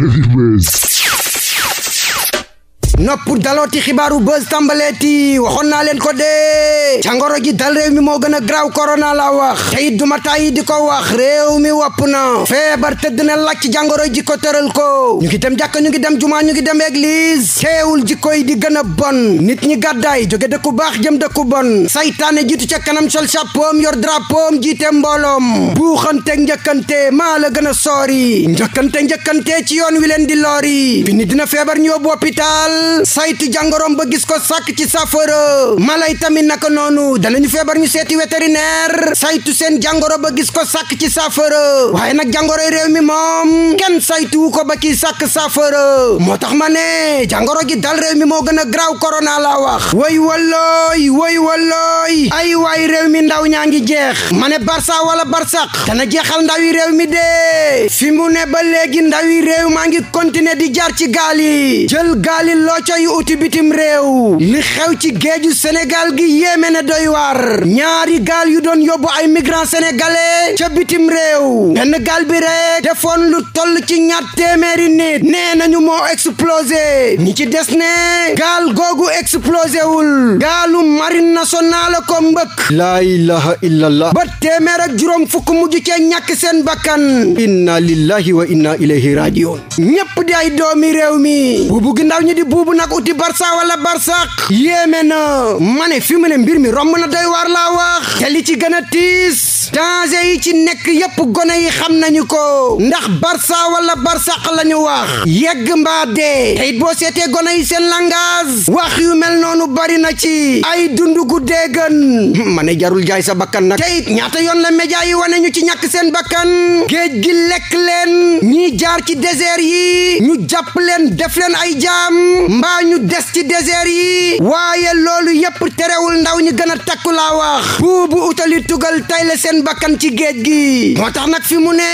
Heavyweight. nopp dalooti xibaaru buzz tàmbaleeti waxoon naa leen ko dee jàngoro ji dal réew mi moo gën a graw korona la wax te it duma di ko wax réew mi wopp na feebar tëdd na laaj ci jàngoro ji ko tëral ko ñu ngi dem jàkka ñu ngi dem jumaa ñu ngi dem église teewul jikko yi di gën a bon nit ñi gàddaay jóge dëkku baax jëm dëkku bon saytaane jiitu ca kanam sol chapeau yor drapeau jiite mbooloom buuxante njëkkante maa la gën a soori njëkkante njëkkante ci yoon wi leen di loori dina feebar ñu yóbbu hôpital saytu jàngoroom ba gis ko sàkk ci saafara mala yi tamit naka noonu ñu feebar ñu seeti vétérinaire saytu seen jàngoro ba gis ko sàkk ci saafara waaye nag jàngoroy réew mi moom kenn saytuwu ko ba ci sàkk saafara moo tax ma ne jàngoro gi dal réew mi moo gën a graaw corona la wax way wallooy way wallooy ay waay réew mi ndaw ñaa ngi jeex ma ne barsa wala barsak dana jeexal ndaw réew mi dee fi mu ne ba léegi ndaw yi réew maa ngi continuer di jaar ci gaal cooco yu uti bitim réew li xew ci géeju senegal gi yéeme na doy war ñaari gaal yu doon yóbbu ay migran sénégalais ca bitim réew benn gaal bi rek defoon lu toll ci ñaar téeméeri nit nee nañu moo explosé ñi ci des ne gaal googu explosé wul gaalu marine nationale ko mbëkk laa ilaha illallah ba téeméer juróom fukk mujj cee ñàkk seen bakkan inna lillahi wa inna ilayhi rajiun ñépp di ay doomi réew mi bu bugg ndaw ñi di bu boobu nag uti barça wala barsax yéeme na ma ne fi mu ne mbir mi romb na doy waar laa wax te li ci gën a tiis danger yi ci nekk yépp gone yi xam nañu ko ndax barça wala barsax la ñu wax yegg mbaa dee te boo seetee gone yi seen langage wax yu mel noonu bari na ci ay dund gu déegën ma ne jarul jaay sa bakkan nag te it ñaata yoon la média yi wane ñu ci ñàkk seen bakkan géej gi lekk leen ñi jaar ci désert yi ñu jàpp leen def leen ay jaam mbaa ñu des ci désert yi waaye loolu yépp terewul ndaw ñi gën a takku laa wax buubu utali tugal seen bakkan ci géej gi moo tax nag fi mu ne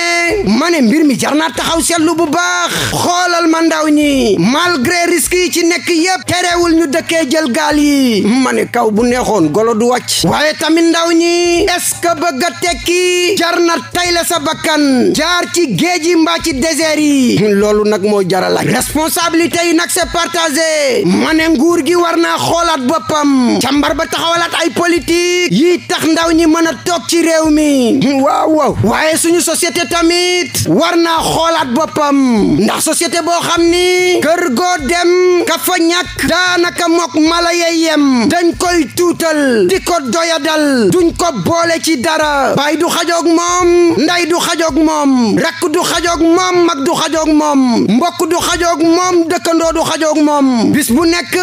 ma ne mbir mi jar naa taxaw seetlu bu baax xoolal ma ndaw ñi malgré risque yi ci nekk yépp terewul ñu dëkkee jël gaal yi ma ne kaw bu neexoon golo du wàcc waaye tamit ndaw ñi est-ce bëgg a tekki jar na tay la sa bakkan jaar ci géej yi mbaa ci désert yi loolu nag moo jara laaj responsabilité yi nag c'est partagé ma ne nguur gi war naa xoolaat boppam càmbar ba taxawalaat ay politique yi tax ndaw ñi mën a toog ci réew mi waaw waaye suñu société tamit war naa xoolaat boppam ndax société boo xam ni kër goo dem ka fa ñàkk daanaka mook mala ya yem dañ koy tuutal di ko doyadal duñ ko boole ci dara baay du xajoog moom nday du xajoog moom rakk du xajoog moom mag du xajoog moom mbokk du xajoog moom dëkkandoo du xajoog moom bis bu nekk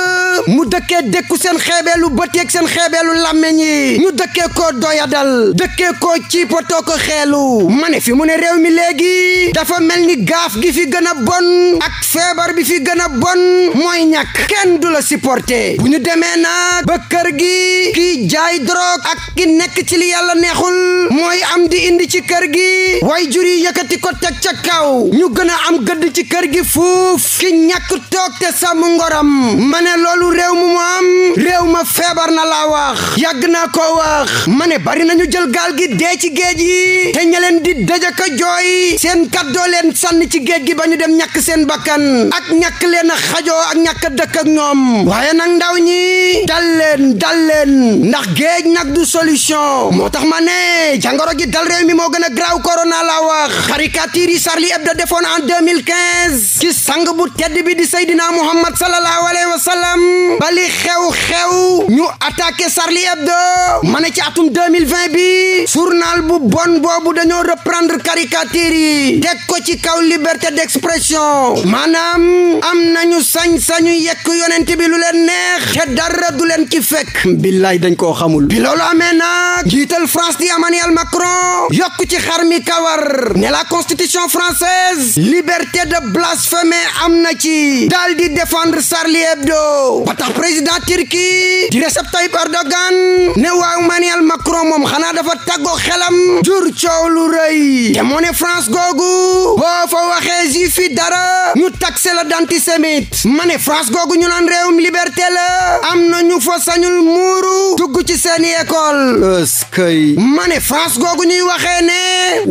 mu dëkkee dëkku seen xeebeelu bët yeeg seen xeebeelu làmmeñ yi ñu dëkkee koo doyadal dëkkee koo ciipatoo ko xeelu ma ne fi mu ne réew mi léegi dafa mel ni gaaf gi fi gën a bon ak feebar bi fi gën a bon mooy ñàkk kenn du la supporté bu ñu demee nag ba kër gi kii jaay drogue ak gi nekk ci li yàlla neexul mooy am di indi ci kër gi way jur yi yëkkati ko teg ca kaw ñu gën a am gëdd ci kër gi fuuf ki ñàkk toog te sàmm ngoram ma ne loolu réew mu mu am réew ma feebar na laa wax yàgg naa ko wax ma ne bari nañu jël gaal gi dee ci géej yi te ña leen di dajaka jooy seen kàddoo leen sànni ci géej gi ba ñu dem ñakk seen bakkan ak ñàkk leen a xajoo ak ñàkk a dëkk ñoom waaye nag ndaw ñi dal leen dal leen ndax géej nag du solution moo tax ma ne jàngoro gi dal réew mi moo gën a graw corona la wax caricature yi Charlie Hebdo defoon en 2015 ci sang bu tedd bi di Seydina Muhammad sallallahu alayhi wa sallam bali xew-xew ñu attaqué Charlie Hebdo ma ne ci atum 2020 bi journal bu bon boobu dañoo reprendre caricature yi teg ko ci kaw liberté d'expression maanaam am nañu sañ sañu yekk yonent bi lu leen neex te dara du leen ci fekk billaay dañ koo xamul bi loolu amee nag jiital France di Emmanuel Macron yokk ci xar mi kawar ne la constitution française liberté de blasphémer am na ci dal di défendre Charlie Hebdo ba tax président Turquie di Recep Tayyip Erdogan ne waaw Emmanuel Macron moom xanaa dafa tàggoo xelam jur coow lu rëy te moo ne France googu boo fa waxee juif yi dara ñu taxé la d'antisémite ne France googu ñu naan réewum liberté la am na ñu fa sañul muuru dugg ci seeni école eskay ma ne France googu ñuy waxee ne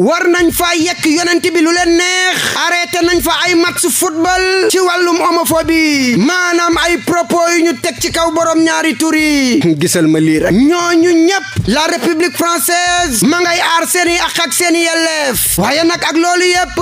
war nañ fa yekk yonent bi lu leen neex arrêté nañ fa ay match football ci wàllum homophobie maanaam ay propos yu ñu teg ci kaw borom ñaari tur yi gisal ma lii rek ñooñu ñëpp la république française ma ngay seen ak ak seen i yelleef waaye nag ak loolu yëpp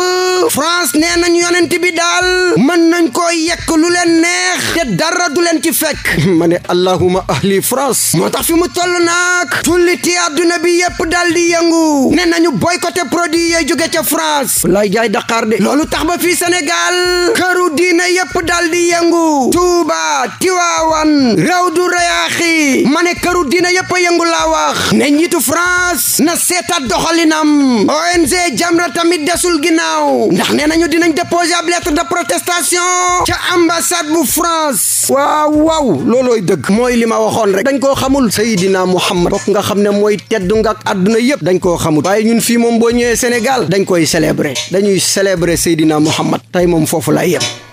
France nee nañ yonent bi daal mën nañ koo yekk lu leen neex te dara du leen ci fekk ma ne allahuma ahli France moo tax fi mu toll nag julliti àdduna bi yëpp daal di yëngu ne nañu boycotté produit yooyu jóge ca France lay jaay Dakar de loolu tax ba fii Sénégal këru diina yëpp daal di yëngu Touba Tiwaawan Rawdu Rayaaxi ma ne kër diina yëpp a yëngu laa wax ne njiitu France na seetaat doxalinam ONG Jamra tamit desul ginnaaw ndax nee nañu dinañ déposer ab lettre de protestation ca ambassade bu France waaw waaw loolooy dëgg mooy li ma waxoon rek dañ koo xamul Seydina Muhammad bokk nga xam ne mooy teddu ngak adduna yëpp dañ koo xamul waaye ñun fii moom boo ñëwee Sénégal dañ koy célébrer dañuy célébrer Seydina Muhammad tey moom foofu lay yem